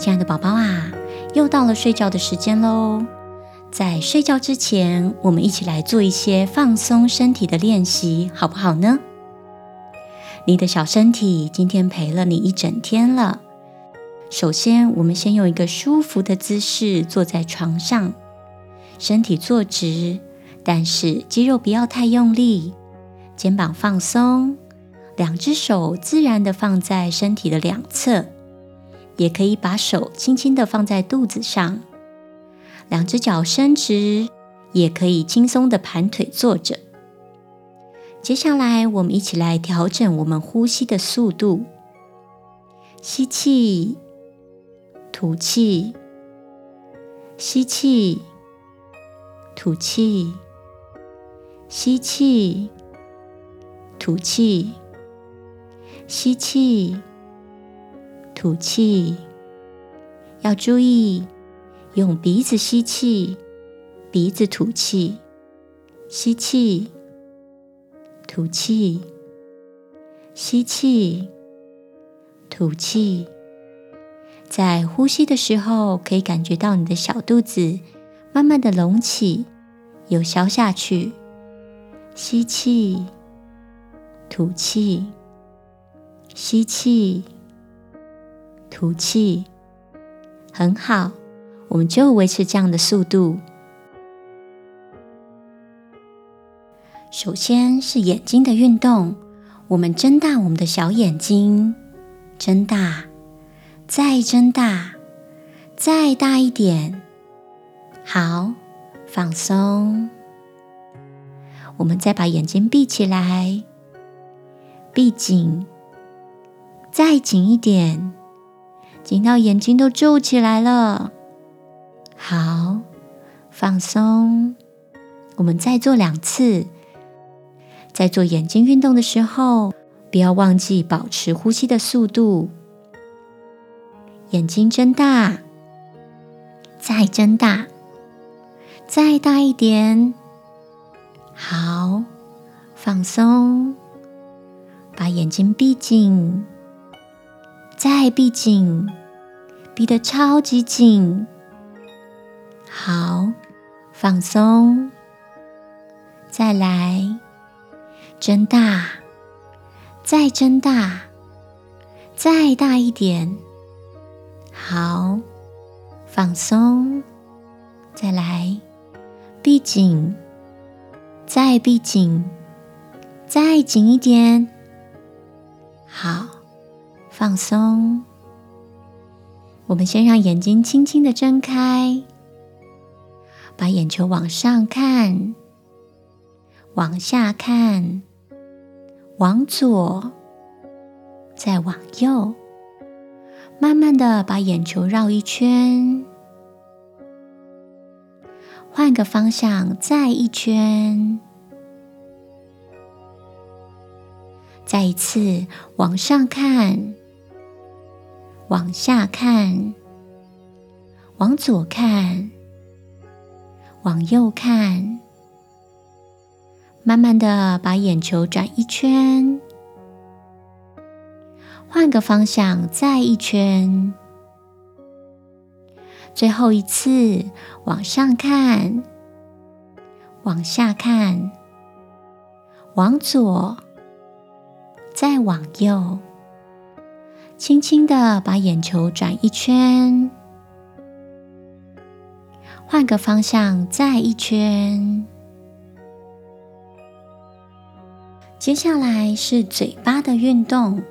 親愛的寶寶啊，又到了睡覺的時間嘍。在睡覺之前，我們一起來做一些放鬆身體的練習，好不好呢？你的小身體今天陪了你一整天了。首先，我們先用一個舒服的姿勢坐在床上，身體坐直，但是肌肉不要太用力，肩膀放鬆，兩隻手自然的放在身體的兩側。也可以把手輕輕的放在肚子上，兩隻腳伸直，也可以輕鬆的盤腿坐着。接下來，我們一起來調整我們呼吸的速度。吸氣，吐氣，吸氣，吐氣，吸氣，吐氣，吸氣。吐氣，要注意用鼻子吸氣，鼻子吐氣。吸氣，吐氣，吸氣，吐氣。在呼吸的時候，可以感覺到你的小肚子慢慢地隆起，又消下去。吸氣，吐氣，吸氣。吐氣，很好，我們就維持這樣的速度。首先是眼睛的運動，我們睜大我們的小眼睛，睜大，再睜大，再大一點。好，放鬆。我們再把眼睛閉起來，閉緊，再緊一點。緊到眼睛都皺起來了。好，放鬆。我們再做兩次。在做眼睛運動的時候，不要忘記保持呼吸的速度。眼睛睜大，再睜大，再大一點。好，放鬆，把眼睛閉緊，再閉緊。閉得超級緊，好，放鬆，再來，睜大，再睜大，再大一點，好，放鬆，再來，閉緊，再閉緊，再緊一點，好，放鬆。我們先讓眼睛輕輕地睜開，把眼球往上看，往下看，往左，再往右，慢慢地把眼球繞一圈，換個方向，再一圈，再一次往上看。往下看，往左看，往右看，慢慢的把眼球轉一圈，換個方向再一圈，最後一次往上看，往下看，往左，再往右。輕輕的把眼球轉一圈，換個方向再一圈。接下來是嘴巴的運動。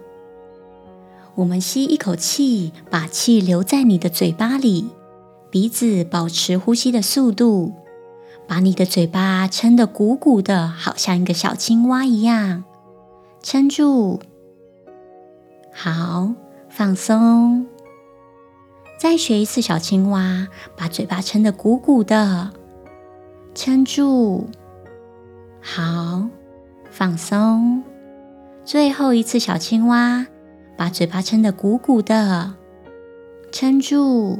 我們吸一口氣，把氣留在你的嘴巴裡，鼻子保持呼吸的速度，把你的嘴巴撐得鼓鼓的，好像一個小青蛙一樣，撐住。好，放鬆。再學一次小青蛙，把嘴巴撐得鼓鼓的，撐住。好，放鬆。最後一次小青蛙，把嘴巴撐得鼓鼓的，撐住。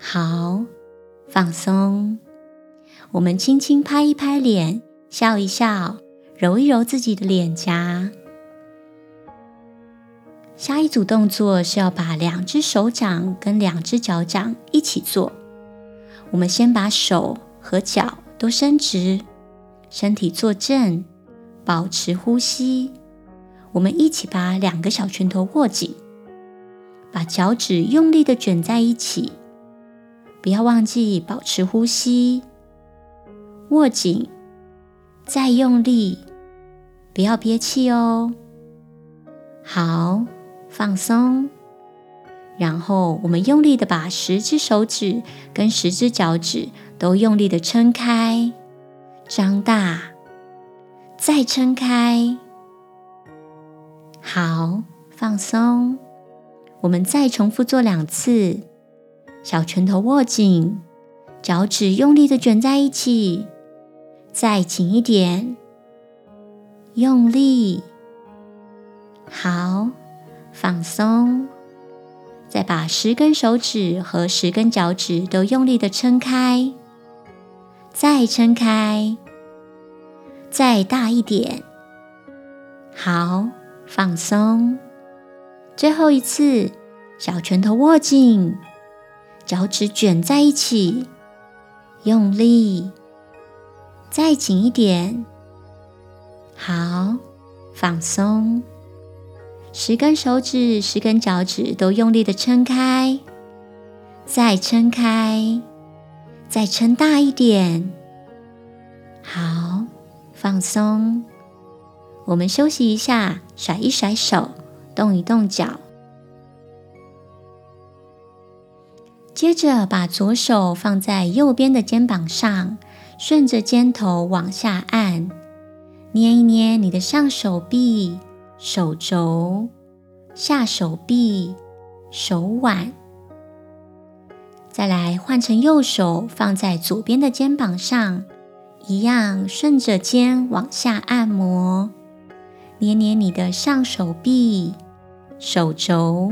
好，放鬆。我們輕輕拍一拍臉，笑一笑，揉一揉自己的臉頰。下一組動作是要把兩隻手掌跟兩隻腳掌一起做。我們先把手和腳都伸直，身體坐正，保持呼吸。我們一起把兩個小拳頭握緊，把腳趾用力地捲在一起，不要忘記保持呼吸，握緊，再用力，不要憋氣哦。好。放鬆，然後我們用力的把十隻手指跟十隻腳趾都用力的撐開、張大，再撐開。好，放鬆。我們再重複做兩次。小拳頭握緊，腳趾用力的捲在一起，再緊一點，用力。好。放鬆，再把十根手指和十根腳趾都用力的撐開，再撐開，再大一點。好，放鬆。最後一次，小拳頭握緊，腳趾捲在一起，用力，再緊一點。好，放鬆。十根手指，十根腳趾都用力的撐開，再撐開，再撐大一點。好，放鬆。我們休息一下，甩一甩手，動一動腳。接着把左手放在右邊的肩膀上，順着肩頭往下按，捏一捏你的上手臂。手肘、下手臂、手腕，再來換成右手放在左邊的肩膀上，一樣順着肩往下按摩，捏捏你的上手臂、手肘、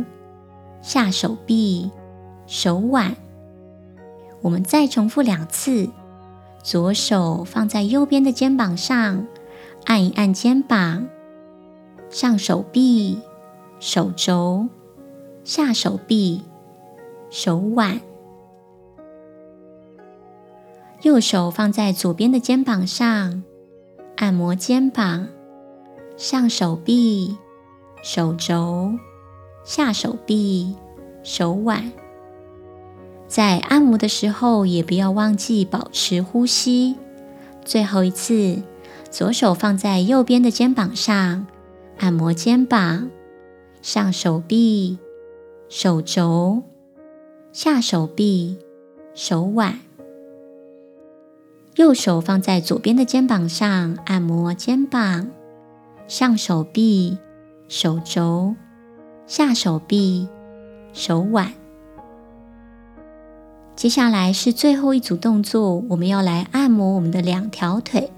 下手臂、手腕。我們再重複兩次，左手放在右邊的肩膀上，按一按肩膀。上手臂、手肘、下手臂、手腕，右手放在左邊的肩膀上，按摩肩膀。上手臂、手肘、下手臂、手腕，在按摩的時候也不要忘記保持呼吸。最後一次，左手放在右邊的肩膀上。按摩肩膀、上手臂、手肘、下手臂、手腕。右手放在左邊的肩膀上，按摩肩膀、上手臂、手肘、下手臂、手腕。接下來是最後一組動作，我們要來按摩我們的兩條腿。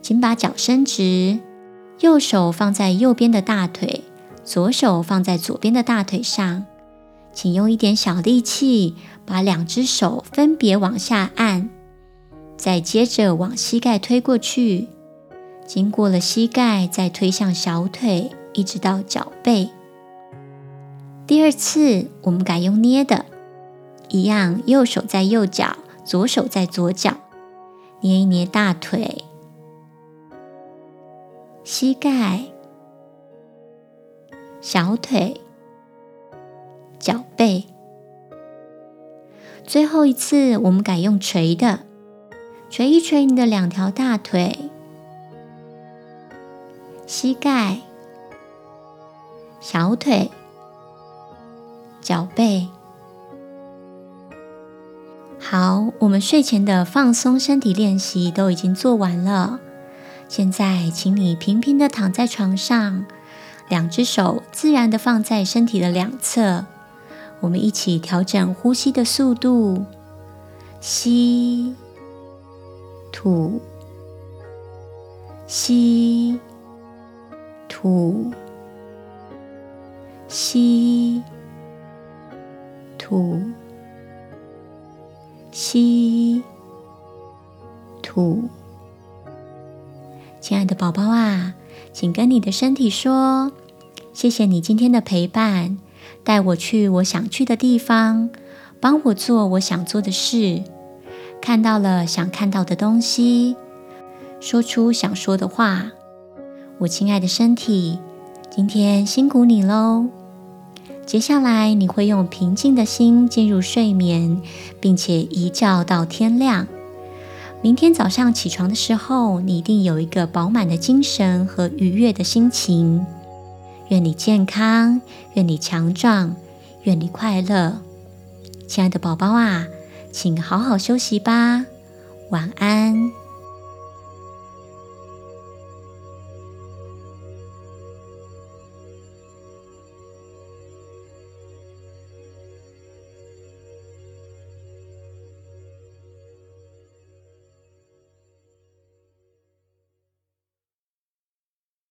請把腳伸直。右手放在右邊的大腿，左手放在左邊的大腿上，請用一點小力氣把兩隻手分別往下按，再接着往膝蓋推過去，經過了膝蓋再推向小腿，一直到腳背。第二次我們改用捏的，一樣，右手在右腳，左手在左腳，捏一捏大腿。膝蓋、小腿、腳背。最後一次，我們改用捶的，捶一捶你的兩條大腿、膝蓋、小腿、腳背。好，我們睡前的放鬆身體練習都已經做完了。現在，請你平平的躺在床上，兩隻手自然的放在身體的兩側。我們一起調整呼吸的速度：吸、吐、吸、吐、吸、吐、吸、吐。親愛的寶寶啊，請跟你的身體說：“謝謝你今天的陪伴，帶我去我想去的地方，幫我做我想做的事，看到了想看到的東西，說出想說的話。”我親愛的身體，今天辛苦你嘍。接下來你會用平靜的心進入睡眠，並且一覺到天亮。明天早上起床的時候，你一定有一個飽滿的精神和愉悅的心情。願你健康，願你強壯，願你快樂。親愛的寶寶啊，請好好休息吧。晚安。